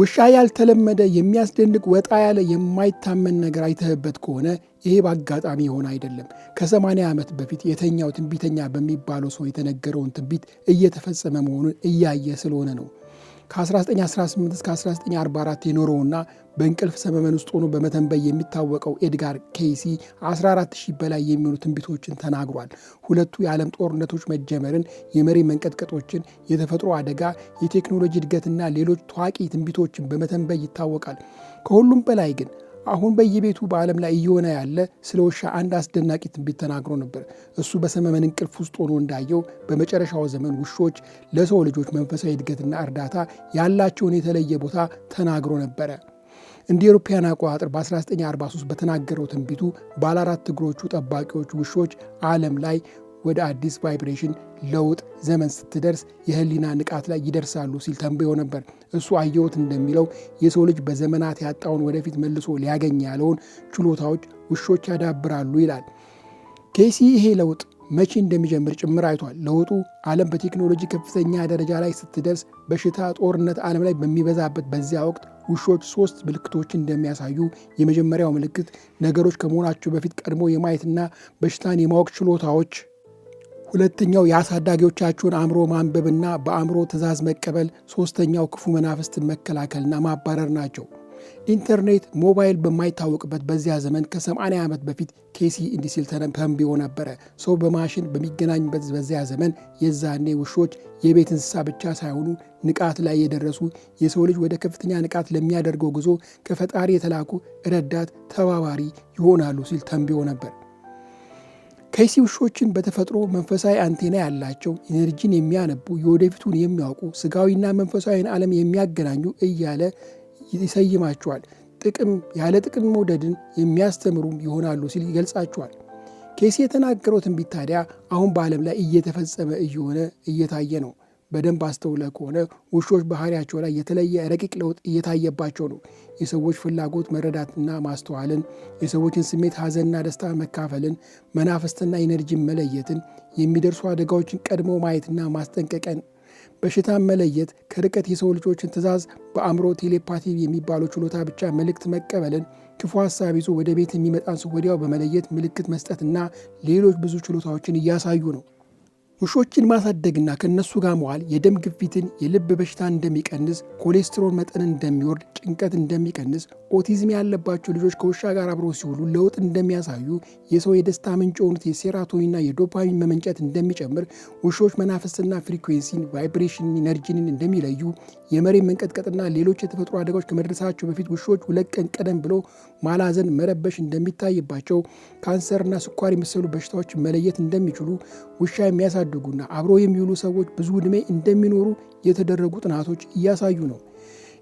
ውሻ ያልተለመደ የሚያስደንቅ ወጣ ያለ የማይታመን ነገር አይተህበት ከሆነ ይሄ በአጋጣሚ የሆነ አይደለም። ከ ከ8 ዓመት በፊት የተኛው ትንቢተኛ በሚባለው ሰው የተነገረውን ትንቢት እየተፈጸመ መሆኑን እያየ ስለሆነ ነው። ከ1918 እስከ 1944 የኖረውና በእንቅልፍ ሰመመን ውስጥ ሆኖ በመተንበይ የሚታወቀው ኤድጋር ኬሲ 14000 በላይ የሚሆኑ ትንቢቶችን ተናግሯል። ሁለቱ የዓለም ጦርነቶች መጀመርን፣ የመሬት መንቀጥቀጦችን፣ የተፈጥሮ አደጋ፣ የቴክኖሎጂ እድገትና ሌሎች ታዋቂ ትንቢቶችን በመተንበይ ይታወቃል። ከሁሉም በላይ ግን አሁን በየቤቱ በዓለም ላይ እየሆነ ያለ ስለ ውሻ አንድ አስደናቂ ትንቢት ተናግሮ ነበር። እሱ በሰመመን እንቅልፍ ውስጥ ሆኖ እንዳየው በመጨረሻው ዘመን ውሾች ለሰው ልጆች መንፈሳዊ እድገትና እርዳታ ያላቸውን የተለየ ቦታ ተናግሮ ነበረ። እንደ አውሮፓውያን አቆጣጠር በ1943 በተናገረው ትንቢቱ ባለ አራት እግሮቹ ጠባቂዎች ውሾች ዓለም ላይ ወደ አዲስ ቫይብሬሽን ለውጥ ዘመን ስትደርስ የህሊና ንቃት ላይ ይደርሳሉ ሲል ተንብዮ ነበር። እሱ አየሁት እንደሚለው የሰው ልጅ በዘመናት ያጣውን ወደፊት መልሶ ሊያገኝ ያለውን ችሎታዎች ውሾች ያዳብራሉ ይላል ኬሲ። ይሄ ለውጥ መቼ እንደሚጀምር ጭምር አይቷል። ለውጡ ዓለም በቴክኖሎጂ ከፍተኛ ደረጃ ላይ ስትደርስ በሽታ፣ ጦርነት ዓለም ላይ በሚበዛበት በዚያ ወቅት ውሾች ሶስት ምልክቶች እንደሚያሳዩ፣ የመጀመሪያው ምልክት ነገሮች ከመሆናቸው በፊት ቀድሞ የማየትና በሽታን የማወቅ ችሎታዎች ሁለተኛው የአሳዳጊዎቻችሁን አእምሮ ማንበብና በአእምሮ ትእዛዝ መቀበል፣ ሦስተኛው ክፉ መናፍስትን መከላከልና ማባረር ናቸው። ኢንተርኔት፣ ሞባይል በማይታወቅበት በዚያ ዘመን ከ80 ዓመት በፊት ኬሲ እንዲህ ሲል ተንብዮ ነበረ። ሰው በማሽን በሚገናኝበት በዚያ ዘመን የዛኔ ውሾች የቤት እንስሳ ብቻ ሳይሆኑ ንቃት ላይ የደረሱ የሰው ልጅ ወደ ከፍተኛ ንቃት ለሚያደርገው ጉዞ ከፈጣሪ የተላኩ ረዳት ተባባሪ ይሆናሉ ሲል ተንብዮ ነበር። ፔሲ ውሾችን በተፈጥሮ መንፈሳዊ አንቴና ያላቸው፣ ኢነርጂን የሚያነቡ፣ የወደፊቱን የሚያውቁ፣ ስጋዊና መንፈሳዊን ዓለም የሚያገናኙ እያለ ይሰይማቸዋል። ጥቅም ያለ ጥቅም መውደድን የሚያስተምሩም ይሆናሉ ሲል ይገልጻቸዋል። ኬሲ የተናገረው ትንቢት ታዲያ አሁን በዓለም ላይ እየተፈጸመ እየሆነ እየታየ ነው። በደንብ አስተውለ ከሆነ ውሾች ባህሪያቸው ላይ የተለየ ረቂቅ ለውጥ እየታየባቸው ነው። የሰዎች ፍላጎት መረዳትና ማስተዋልን፣ የሰዎችን ስሜት ሐዘንና ደስታ መካፈልን፣ መናፍስትና ኢነርጂን መለየትን፣ የሚደርሱ አደጋዎችን ቀድሞ ማየትና ማስጠንቀቀን በሽታን መለየት፣ ከርቀት የሰው ልጆችን ትእዛዝ በአእምሮ ቴሌፓቲ የሚባለው ችሎታ ብቻ መልእክት መቀበልን፣ ክፉ ሀሳብ ይዞ ወደ ቤት የሚመጣን ሰው ወዲያው በመለየት ምልክት መስጠትና ሌሎች ብዙ ችሎታዎችን እያሳዩ ነው። ውሾችን ማሳደግና ከእነሱ ጋር መዋል የደም ግፊትን፣ የልብ በሽታ እንደሚቀንስ፣ ኮሌስትሮል መጠን እንደሚወርድ፣ ጭንቀት እንደሚቀንስ፣ ኦቲዝም ያለባቸው ልጆች ከውሻ ጋር አብረው ሲውሉ ለውጥ እንደሚያሳዩ፣ የሰው የደስታ ምንጭ የሆኑት የሴራቶኒንና የዶፓሚን መመንጨት እንደሚጨምር፣ ውሾች መናፈስና ፍሪኩዌንሲን፣ ቫይብሬሽን፣ ኢነርጂንን እንደሚለዩ፣ የመሬት መንቀጥቀጥና ሌሎች የተፈጥሮ አደጋዎች ከመድረሳቸው በፊት ውሾች ሁለት ቀን ቀደም ብሎ ማላዘን፣ መረበሽ እንደሚታይባቸው፣ ካንሰርና ስኳር የመሰሉ በሽታዎች መለየት እንደሚችሉ ውሻ የሚያሳ የሚያሳድጉና አብሮ የሚውሉ ሰዎች ብዙ ዕድሜ እንደሚኖሩ የተደረጉ ጥናቶች እያሳዩ ነው።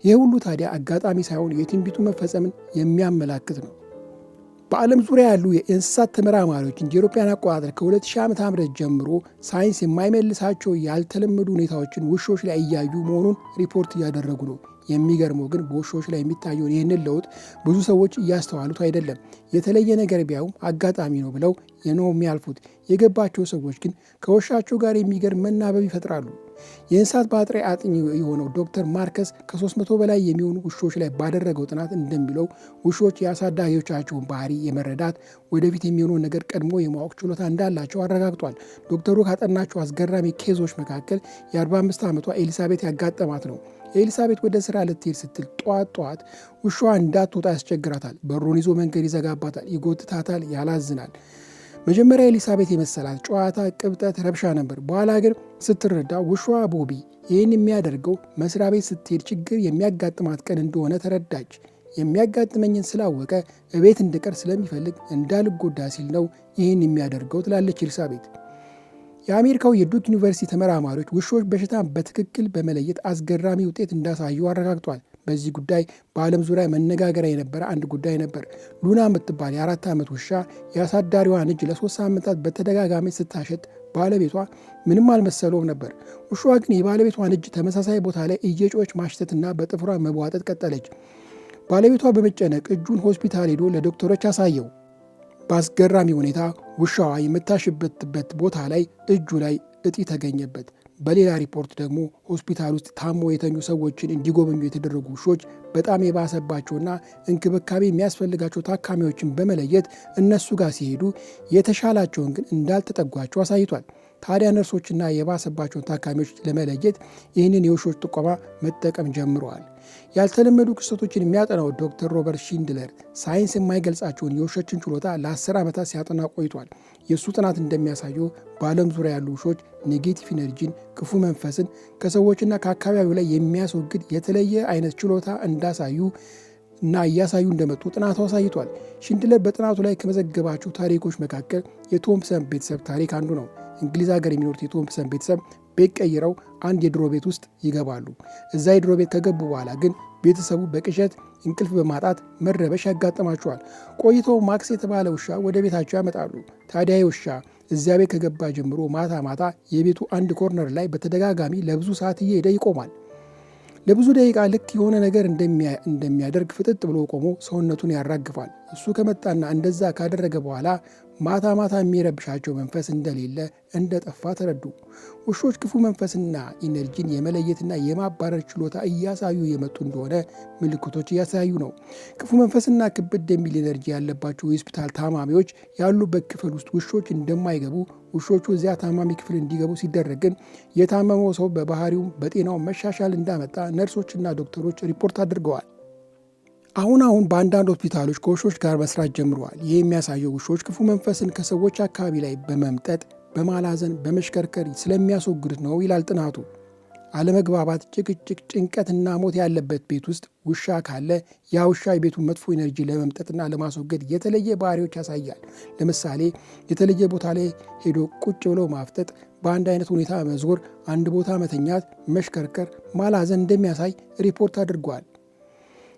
ይህ ሁሉ ታዲያ አጋጣሚ ሳይሆን የትንቢቱ መፈጸምን የሚያመላክት ነው። በዓለም ዙሪያ ያሉ የእንስሳት ተመራማሪዎች እንደ አውሮፓውያን አቆጣጠር ከ2000 ዓመተ ምህረት ጀምሮ ሳይንስ የማይመልሳቸው ያልተለመዱ ሁኔታዎችን ውሾች ላይ እያዩ መሆኑን ሪፖርት እያደረጉ ነው። የሚገርመው ግን በውሾች ላይ የሚታየውን ይህንን ለውጥ ብዙ ሰዎች እያስተዋሉት አይደለም። የተለየ ነገር ቢያዩም አጋጣሚ ነው ብለው ነው የሚያልፉት። የገባቸው ሰዎች ግን ከውሻቸው ጋር የሚገርም መናበብ ይፈጥራሉ። የእንስሳት ባህሪ አጥኚ የሆነው ዶክተር ማርከስ ከ300 በላይ የሚሆኑ ውሾች ላይ ባደረገው ጥናት እንደሚለው ውሾች የአሳዳጊዎቻቸውን ባህሪ የመረዳት ወደፊት የሚሆነውን ነገር ቀድሞ የማወቅ ችሎታ እንዳላቸው አረጋግጧል። ዶክተሩ ካጠናቸው አስገራሚ ኬዞች መካከል የ45 ዓመቷ ኤሊሳቤት ያጋጠማት ነው። ኤልሳቤጥ ወደ ስራ ልትሄድ ስትል ጠዋት ጧት ውሻዋ እንዳትወጣ ያስቸግራታል። በሩን ይዞ መንገድ ይዘጋባታል፣ ይጎትታታል፣ ያላዝናል። መጀመሪያ ኤልሳቤጥ የመሰላት ጨዋታ፣ ቅብጠት፣ ረብሻ ነበር። በኋላ ግን ስትረዳ ውሻዋ ቦቢ ይህን የሚያደርገው መስሪያ ቤት ስትሄድ ችግር የሚያጋጥማት ቀን እንደሆነ ተረዳች። የሚያጋጥመኝን ስላወቀ እቤት እንድቀር ስለሚፈልግ እንዳልጎዳ ሲል ነው ይህን የሚያደርገው ትላለች ኤልሳቤጥ። የአሜሪካው የዱክ ዩኒቨርሲቲ ተመራማሪዎች ውሾች በሽታን በትክክል በመለየት አስገራሚ ውጤት እንዳሳዩ አረጋግጧል። በዚህ ጉዳይ በዓለም ዙሪያ መነጋገሪያ የነበረ አንድ ጉዳይ ነበር። ሉና የምትባል የአራት ዓመት ውሻ የአሳዳሪዋን እጅ ለሶስት ሳምንታት በተደጋጋሚ ስታሸት ባለቤቷ ምንም አልመሰለውም ነበር። ውሻዋ ግን የባለቤቷን እጅ ተመሳሳይ ቦታ ላይ እየጮች ማሽተትና በጥፍሯ መቧጠጥ ቀጠለች። ባለቤቷ በመጨነቅ እጁን ሆስፒታል ሄዶ ለዶክተሮች አሳየው። በአስገራሚ ሁኔታ ውሻዋ የምታሽበትበት ቦታ ላይ እጁ ላይ እጢ ተገኘበት። በሌላ ሪፖርት ደግሞ ሆስፒታል ውስጥ ታሞ የተኙ ሰዎችን እንዲጎበኙ የተደረጉ ውሾች በጣም የባሰባቸውና እንክብካቤ የሚያስፈልጋቸው ታካሚዎችን በመለየት እነሱ ጋር ሲሄዱ የተሻላቸውን ግን እንዳልተጠጓቸው አሳይቷል። ታዲያ ነርሶችና የባሰባቸውን ታካሚዎች ለመለየት ይህንን የውሾች ጥቆማ መጠቀም ጀምረዋል። ያልተለመዱ ክስተቶችን የሚያጠናው ዶክተር ሮበርት ሺንድለር ሳይንስ የማይገልጻቸውን የውሾችን ችሎታ ለአስር ዓመታት ሲያጠና ቆይቷል። የእሱ ጥናት እንደሚያሳየው በዓለም ዙሪያ ያሉ ውሾች ኔጌቲቭ ኢነርጂን፣ ክፉ መንፈስን ከሰዎችና ከአካባቢው ላይ የሚያስወግድ የተለየ አይነት ችሎታ እንዳሳዩ እና እያሳዩ እንደመጡ ጥናቱ አሳይቷል። ሽንድለር በጥናቱ ላይ ከመዘገባቸው ታሪኮች መካከል የቶምፕሰን ቤተሰብ ታሪክ አንዱ ነው። እንግሊዝ ሀገር የሚኖሩት የቶምፕሰን ቤተሰብ ቤት ቀይረው አንድ የድሮ ቤት ውስጥ ይገባሉ። እዛ የድሮ ቤት ከገቡ በኋላ ግን ቤተሰቡ በቅዠት እንቅልፍ በማጣት መረበሽ ያጋጥማቸዋል። ቆይቶ ማክስ የተባለ ውሻ ወደ ቤታቸው ያመጣሉ። ታዲያ ውሻ እዚያ ቤት ከገባ ጀምሮ ማታ ማታ የቤቱ አንድ ኮርነር ላይ በተደጋጋሚ ለብዙ ሰዓት እየሄደ ይቆማል። ለብዙ ደቂቃ ልክ የሆነ ነገር እንደሚያደርግ ፍጥጥ ብሎ ቆሞ ሰውነቱን ያራግፋል። እሱ ከመጣና እንደዛ ካደረገ በኋላ ማታ ማታ የሚረብሻቸው መንፈስ እንደሌለ እንደ ጠፋ ተረዱ። ውሾች ክፉ መንፈስና ኢነርጂን የመለየትና የማባረር ችሎታ እያሳዩ የመጡ እንደሆነ ምልክቶች እያሳዩ ነው። ክፉ መንፈስና ክብድ የሚል ኢነርጂ ያለባቸው የሆስፒታል ታማሚዎች ያሉበት ክፍል ውስጥ ውሾች እንደማይገቡ፣ ውሾቹ እዚያ ታማሚ ክፍል እንዲገቡ ሲደረግ ግን የታመመው ሰው በባህሪው በጤናው መሻሻል እንዳመጣ ነርሶችና ዶክተሮች ሪፖርት አድርገዋል። አሁን አሁን በአንዳንድ ሆስፒታሎች ከውሾች ጋር መስራት ጀምረዋል። ይህ የሚያሳየው ውሾች ክፉ መንፈስን ከሰዎች አካባቢ ላይ በመምጠጥ በማላዘን፣ በመሽከርከር ስለሚያስወግዱት ነው ይላል ጥናቱ። አለመግባባት፣ ጭቅጭቅ፣ ጭንቀትና ሞት ያለበት ቤት ውስጥ ውሻ ካለ ያ ውሻ የቤቱን መጥፎ ኤነርጂ ለመምጠጥና ለማስወገድ የተለየ ባህሪዎች ያሳያል። ለምሳሌ የተለየ ቦታ ላይ ሄዶ ቁጭ ብሎ ማፍጠጥ፣ በአንድ አይነት ሁኔታ መዞር፣ አንድ ቦታ መተኛት፣ መሽከርከር፣ ማላዘን እንደሚያሳይ ሪፖርት አድርጓል።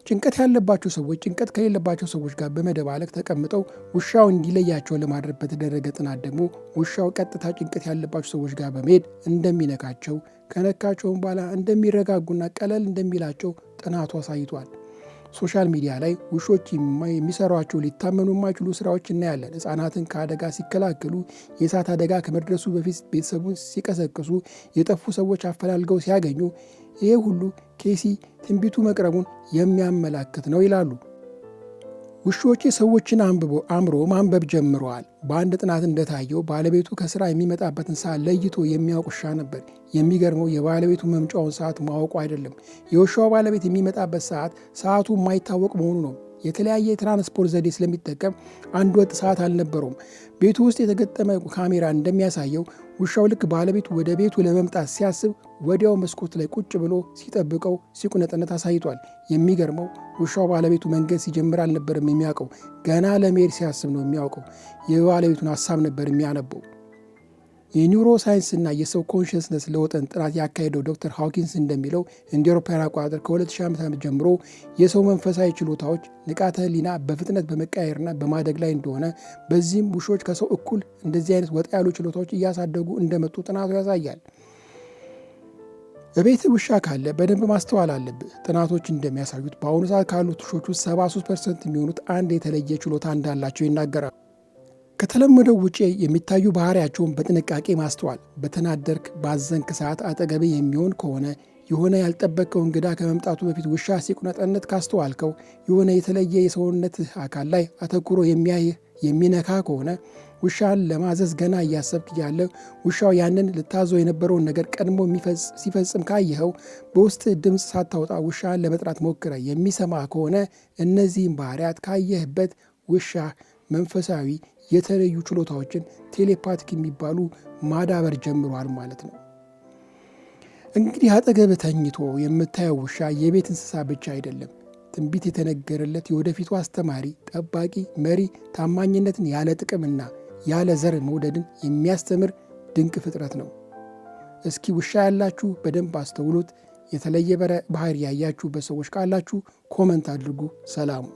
ጭንቀት ያለባቸው ሰዎች ጭንቀት ከሌለባቸው ሰዎች ጋር በመደባለቅ ተቀምጠው ውሻው እንዲለያቸው ለማድረግ በተደረገ ጥናት ደግሞ ውሻው ቀጥታ ጭንቀት ያለባቸው ሰዎች ጋር በመሄድ እንደሚነካቸው ከነካቸውም በኋላ እንደሚረጋጉና ቀለል እንደሚላቸው ጥናቱ አሳይቷል። ሶሻል ሚዲያ ላይ ውሾች የሚሰሯቸው ሊታመኑ የማይችሉ ስራዎች እናያለን። ህጻናትን ከአደጋ ሲከላከሉ፣ የእሳት አደጋ ከመድረሱ በፊት ቤተሰቡን ሲቀሰቅሱ፣ የጠፉ ሰዎች አፈላልገው ሲያገኙ ይሄ ሁሉ ኬሲ ትንቢቱ መቅረቡን የሚያመላክት ነው ይላሉ። ውሾቼ ሰዎችን አንብቦ አምሮ ማንበብ ጀምረዋል። በአንድ ጥናት እንደታየው ባለቤቱ ከስራ የሚመጣበትን ሰዓት ለይቶ የሚያውቅ ውሻ ነበር። የሚገርመው የባለቤቱ መምጫውን ሰዓት ማወቁ አይደለም፣ የውሻው ባለቤት የሚመጣበት ሰዓት ሰዓቱ የማይታወቅ መሆኑ ነው። የተለያየ የትራንስፖርት ዘዴ ስለሚጠቀም አንድ ወጥ ሰዓት አልነበረውም። ቤቱ ውስጥ የተገጠመ ካሜራ እንደሚያሳየው ውሻው ልክ ባለቤቱ ወደ ቤቱ ለመምጣት ሲያስብ ወዲያው መስኮት ላይ ቁጭ ብሎ ሲጠብቀው ሲቁነጥነት አሳይቷል። የሚገርመው ውሻው ባለቤቱ መንገድ ሲጀምር አልነበርም የሚያውቀው፣ ገና ለመሄድ ሲያስብ ነው የሚያውቀው። የባለቤቱን ሀሳብ ነበር የሚያነበው። የኒውሮ ሳይንስና የሰው ኮንሽንስነስ ለውጥን ጥናት ያካሄደው ዶክተር ሃውኪንስ እንደሚለው እንደ አውሮፓውያን አቆጣጠር ከ2000 ዓ.ም ጀምሮ የሰው መንፈሳዊ ችሎታዎች ንቃተ ህሊና በፍጥነት በመቀያየርና በማደግ ላይ እንደሆነ፣ በዚህም ውሾች ከሰው እኩል እንደዚህ አይነት ወጣ ያሉ ችሎታዎች እያሳደጉ እንደመጡ ጥናቱ ያሳያል። በቤት ውሻ ካለ በደንብ ማስተዋል አለብህ። ጥናቶች እንደሚያሳዩት በአሁኑ ሰዓት ካሉት ውሾች ውስጥ 73 ፐርሰንት የሚሆኑት አንድ የተለየ ችሎታ እንዳላቸው ይናገራሉ። ከተለመደው ውጪ የሚታዩ ባህሪያቸውን በጥንቃቄ ማስተዋል። በተናደርክ ባዘንክ ሰዓት አጠገቤ የሚሆን ከሆነ የሆነ ያልጠበቀው እንግዳ ከመምጣቱ በፊት ውሻ ሲቁነጠነት ካስተዋልከው፣ የሆነ የተለየ የሰውነት አካል ላይ አተኩሮ የሚያይ የሚነካ ከሆነ፣ ውሻን ለማዘዝ ገና እያሰብክ ያለ ውሻው ያንን ልታዘው የነበረውን ነገር ቀድሞ ሲፈጽም ካየኸው፣ በውስጥ ድምፅ ሳታወጣ ውሻን ለመጥራት ሞክረ የሚሰማ ከሆነ፣ እነዚህም ባህሪያት ካየህበት ውሻ መንፈሳዊ የተለዩ ችሎታዎችን ቴሌፓቲክ የሚባሉ ማዳበር ጀምሯል ማለት ነው። እንግዲህ አጠገብ ተኝቶ የምታየው ውሻ የቤት እንስሳ ብቻ አይደለም። ትንቢት የተነገረለት የወደፊቱ አስተማሪ፣ ጠባቂ፣ መሪ፣ ታማኝነትን ያለ ጥቅምና ያለ ዘር መውደድን የሚያስተምር ድንቅ ፍጥረት ነው። እስኪ ውሻ ያላችሁ በደንብ አስተውሉት። የተለየ ባህሪ ያያችሁ በሰዎች ካላችሁ ኮመንት አድርጉ። ሰላሙ